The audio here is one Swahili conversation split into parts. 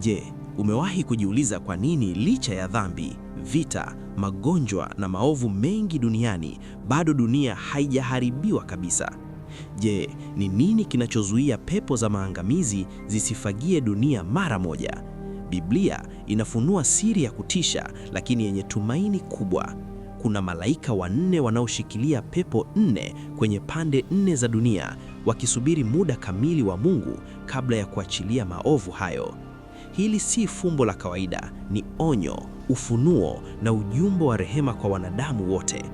Je, umewahi kujiuliza kwa nini licha ya dhambi, vita, magonjwa na maovu mengi duniani bado dunia haijaharibiwa kabisa? Je, ni nini kinachozuia pepo za maangamizi zisifagie dunia mara moja? Biblia inafunua siri ya kutisha lakini yenye tumaini kubwa. Kuna malaika wanne wanaoshikilia pepo nne kwenye pande nne za dunia wakisubiri muda kamili wa Mungu kabla ya kuachilia maovu hayo. Hili si fumbo la kawaida, ni onyo, ufunuo na ujumbe wa rehema kwa wanadamu wote.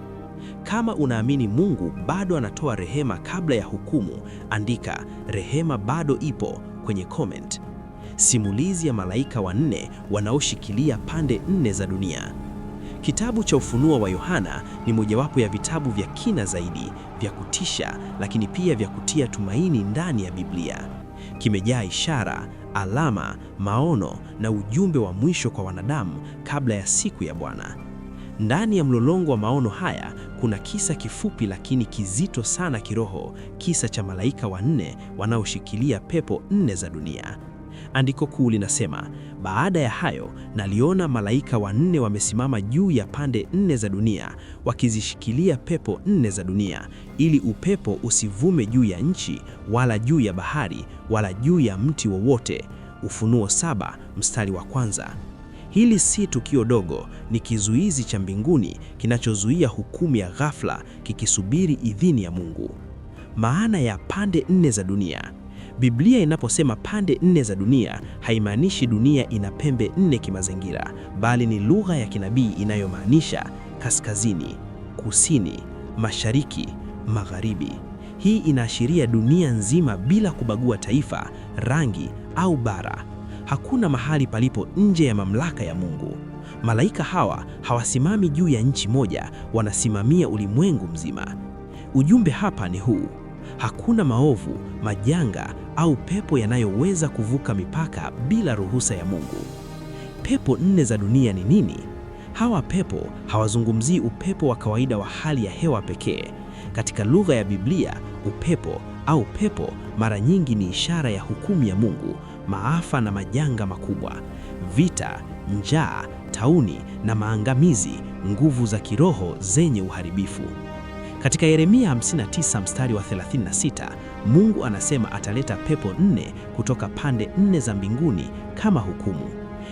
Kama unaamini Mungu bado anatoa rehema kabla ya hukumu, andika rehema bado ipo kwenye comment. Simulizi ya malaika wanne wanaoshikilia pande nne za dunia. Kitabu cha Ufunuo wa Yohana ni mojawapo ya vitabu vya kina zaidi vya kutisha, lakini pia vya kutia tumaini ndani ya Biblia. Kimejaa ishara alama, maono na ujumbe wa mwisho kwa wanadamu kabla ya siku ya Bwana. Ndani ya mlolongo wa maono haya kuna kisa kifupi lakini kizito sana kiroho, kisa cha malaika wanne wanaoshikilia pepo nne za dunia. Andiko kuu linasema, baada ya hayo naliona malaika wanne wamesimama juu ya pande nne za dunia, wakizishikilia pepo nne za dunia, ili upepo usivume juu ya nchi, wala juu ya bahari, wala juu ya mti wowote. Ufunuo saba mstari wa kwanza. Hili si tukio dogo, ni kizuizi cha mbinguni kinachozuia hukumu ya ghafla, kikisubiri idhini ya Mungu. Maana ya pande nne za dunia Biblia inaposema pande nne za dunia, haimaanishi dunia ina pembe nne kimazingira, bali ni lugha ya kinabii inayomaanisha kaskazini, kusini, mashariki, magharibi. Hii inaashiria dunia nzima bila kubagua taifa, rangi au bara. Hakuna mahali palipo nje ya mamlaka ya Mungu. Malaika hawa hawasimami juu ya nchi moja, wanasimamia ulimwengu mzima. Ujumbe hapa ni huu: hakuna maovu, majanga au pepo yanayoweza kuvuka mipaka bila ruhusa ya Mungu. Pepo nne za dunia ni nini? Hawa pepo hawazungumzii upepo wa kawaida wa hali ya hewa pekee. Katika lugha ya Biblia, upepo au pepo mara nyingi ni ishara ya hukumu ya Mungu, maafa na majanga makubwa, vita, njaa, tauni na maangamizi, nguvu za kiroho zenye uharibifu. Katika Yeremia 59 mstari wa 36, Mungu anasema ataleta pepo nne kutoka pande nne za mbinguni kama hukumu.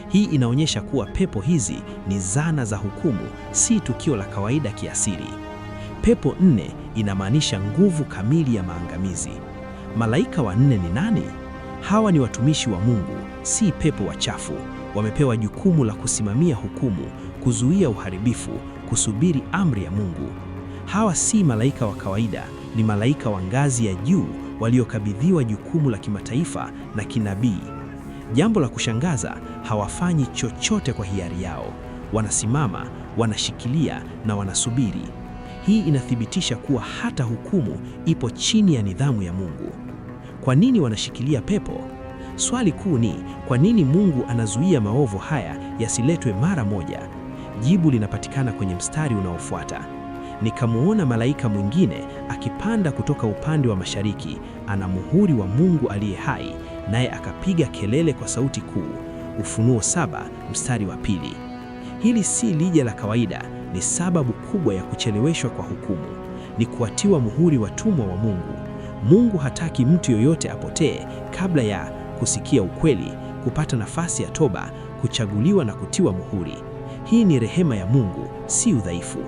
Hii inaonyesha kuwa pepo hizi ni zana za hukumu, si tukio la kawaida kiasiri. Pepo nne inamaanisha nguvu kamili ya maangamizi. Malaika wa nne ni nani? Hawa ni watumishi wa Mungu, si pepo wachafu. Wamepewa jukumu la kusimamia hukumu, kuzuia uharibifu, kusubiri amri ya Mungu. Hawa si malaika wa kawaida, ni malaika wa ngazi ya juu waliokabidhiwa jukumu la kimataifa na kinabii. Jambo la kushangaza, hawafanyi chochote kwa hiari yao. Wanasimama, wanashikilia na wanasubiri. Hii inathibitisha kuwa hata hukumu ipo chini ya nidhamu ya Mungu. Kwa nini wanashikilia pepo? Swali kuu ni kwa nini Mungu anazuia maovu haya yasiletwe mara moja? Jibu linapatikana kwenye mstari unaofuata nikamuona malaika mwingine akipanda kutoka upande wa mashariki, ana muhuri wa Mungu aliye hai, naye akapiga kelele kwa sauti kuu. Ufunuo saba mstari wa pili. Hili si lija la kawaida, ni sababu kubwa ya kucheleweshwa kwa hukumu, ni kuatiwa muhuri watumwa wa Mungu. Mungu hataki mtu yoyote apotee kabla ya kusikia ukweli, kupata nafasi ya toba, kuchaguliwa na kutiwa muhuri. Hii ni rehema ya Mungu, si udhaifu.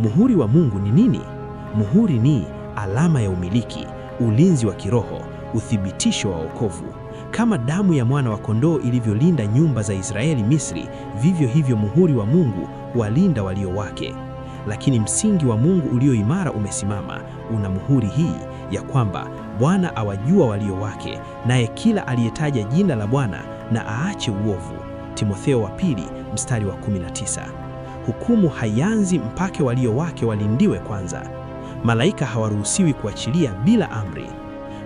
Muhuri wa Mungu ni nini? Muhuri ni alama ya umiliki, ulinzi wa kiroho, uthibitisho wa wokovu. Kama damu ya mwana wa kondoo ilivyolinda nyumba za Israeli Misri, vivyo hivyo muhuri wa Mungu walinda walio wake. Lakini msingi wa Mungu ulio imara umesimama, una muhuri hii ya kwamba Bwana awajua walio wake, naye kila aliyetaja jina la Bwana na aache uovu. Timotheo wa pili mstari wa 19 hukumu haianzi mpaka walio wake walindiwe kwanza. Malaika hawaruhusiwi kuachilia bila amri.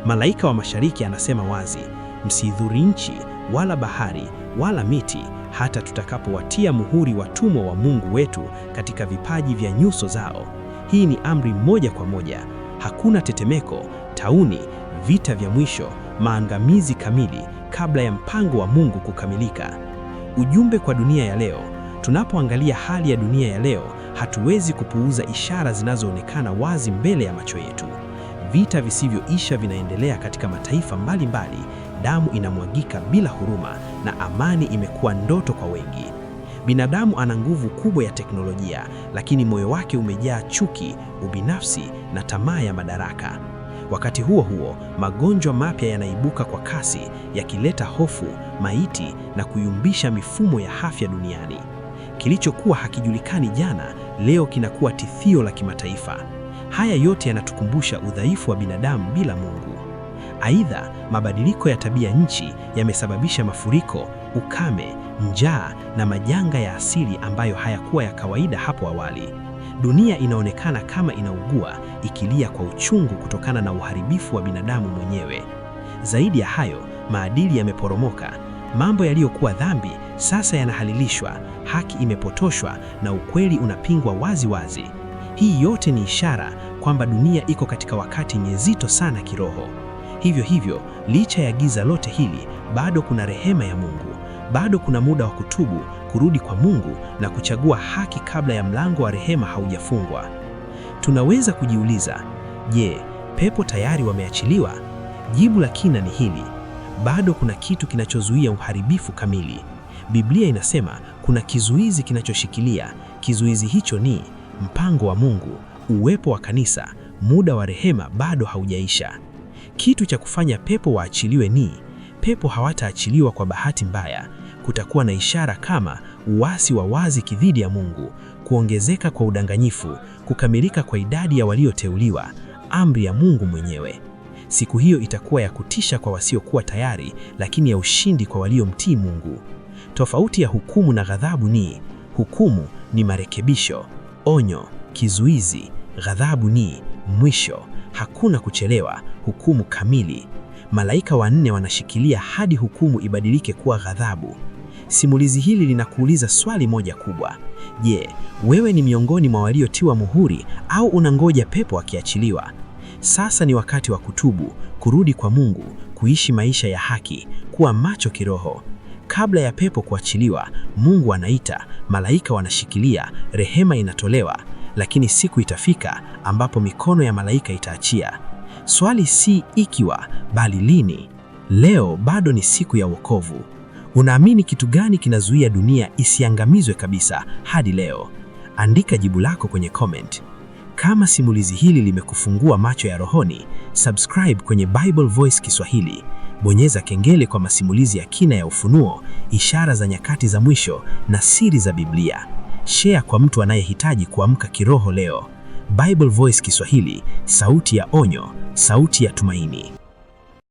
Malaika wa mashariki anasema wazi, msidhuri nchi wala bahari wala miti hata tutakapowatia muhuri watumwa wa Mungu wetu katika vipaji vya nyuso zao. Hii ni amri moja kwa moja. Hakuna tetemeko, tauni, vita vya mwisho, maangamizi kamili kabla ya mpango wa Mungu kukamilika. Ujumbe kwa dunia ya leo. Tunapoangalia hali ya dunia ya leo, hatuwezi kupuuza ishara zinazoonekana wazi mbele ya macho yetu. Vita visivyoisha vinaendelea katika mataifa mbalimbali mbali, damu inamwagika bila huruma na amani imekuwa ndoto kwa wengi. Binadamu ana nguvu kubwa ya teknolojia, lakini moyo wake umejaa chuki, ubinafsi na tamaa ya madaraka. Wakati huo huo, magonjwa mapya yanaibuka kwa kasi, yakileta hofu, maiti na kuyumbisha mifumo ya afya duniani. Kilichokuwa hakijulikani jana, leo kinakuwa tithio la kimataifa. Haya yote yanatukumbusha udhaifu wa binadamu bila Mungu. Aidha, mabadiliko ya tabia nchi yamesababisha mafuriko, ukame, njaa na majanga ya asili ambayo hayakuwa ya kawaida hapo awali. Dunia inaonekana kama inaugua, ikilia kwa uchungu kutokana na uharibifu wa binadamu mwenyewe. Zaidi ya hayo, maadili yameporomoka Mambo yaliyokuwa dhambi sasa yanahalilishwa, haki imepotoshwa na ukweli unapingwa wazi wazi. Hii yote ni ishara kwamba dunia iko katika wakati nyezito sana kiroho. Hivyo hivyo, licha ya giza lote hili, bado kuna rehema ya Mungu, bado kuna muda wa kutubu, kurudi kwa Mungu na kuchagua haki kabla ya mlango wa rehema haujafungwa. Tunaweza kujiuliza, je, pepo tayari wameachiliwa? Jibu la kina ni hili bado kuna kitu kinachozuia uharibifu kamili. Biblia inasema kuna kizuizi kinachoshikilia. Kizuizi hicho ni mpango wa Mungu, uwepo wa kanisa. Muda wa rehema bado haujaisha. Kitu cha kufanya pepo waachiliwe ni pepo hawataachiliwa kwa bahati mbaya. Kutakuwa na ishara kama uasi wa wazi kidhidi ya Mungu, kuongezeka kwa udanganyifu, kukamilika kwa idadi ya walioteuliwa, amri ya Mungu mwenyewe. Siku hiyo itakuwa ya kutisha kwa wasiokuwa tayari, lakini ya ushindi kwa waliomtii Mungu. Tofauti ya hukumu na ghadhabu ni hukumu ni marekebisho, onyo, kizuizi. Ghadhabu ni mwisho, hakuna kuchelewa, hukumu kamili. Malaika wanne wanashikilia hadi hukumu ibadilike kuwa ghadhabu. Simulizi hili linakuuliza swali moja kubwa. Je, wewe ni miongoni mwa waliotiwa muhuri au unangoja pepo akiachiliwa? Sasa ni wakati wa kutubu, kurudi kwa Mungu, kuishi maisha ya haki, kuwa macho kiroho. Kabla ya pepo kuachiliwa, Mungu anaita, malaika wanashikilia, rehema inatolewa, lakini siku itafika ambapo mikono ya malaika itaachia. Swali si ikiwa, bali lini. Leo bado ni siku ya wokovu. Unaamini kitu gani kinazuia dunia isiangamizwe kabisa hadi leo? Andika jibu lako kwenye comment. Kama simulizi hili limekufungua macho ya rohoni, subscribe kwenye Bible Voice Kiswahili. Bonyeza kengele kwa masimulizi ya kina ya ufunuo, ishara za nyakati za mwisho na siri za Biblia. Share kwa mtu anayehitaji kuamka kiroho leo. Bible Voice Kiswahili, sauti ya onyo, sauti ya tumaini.